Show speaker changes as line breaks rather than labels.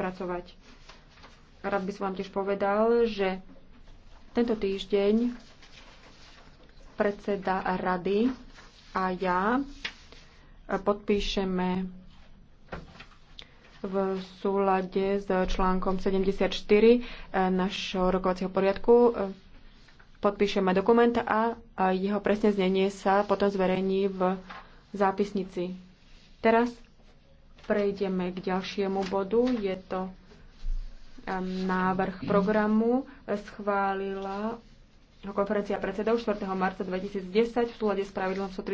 spracovať. Rád by som vám tiež povedal, že tento týždeň predseda rady a ja podpíšeme v súlade s článkom 74 eh, našho rokovacieho poriadku podpíšeme dokument a eh, jeho presne znenie sa potom zverejní v zápisnici. Teraz Prejdeme k ďalšiemu bodu. Je to um, návrh programu. Schválila konferencia predsedov 4. marca 2010 v súlade s pravidlom 130.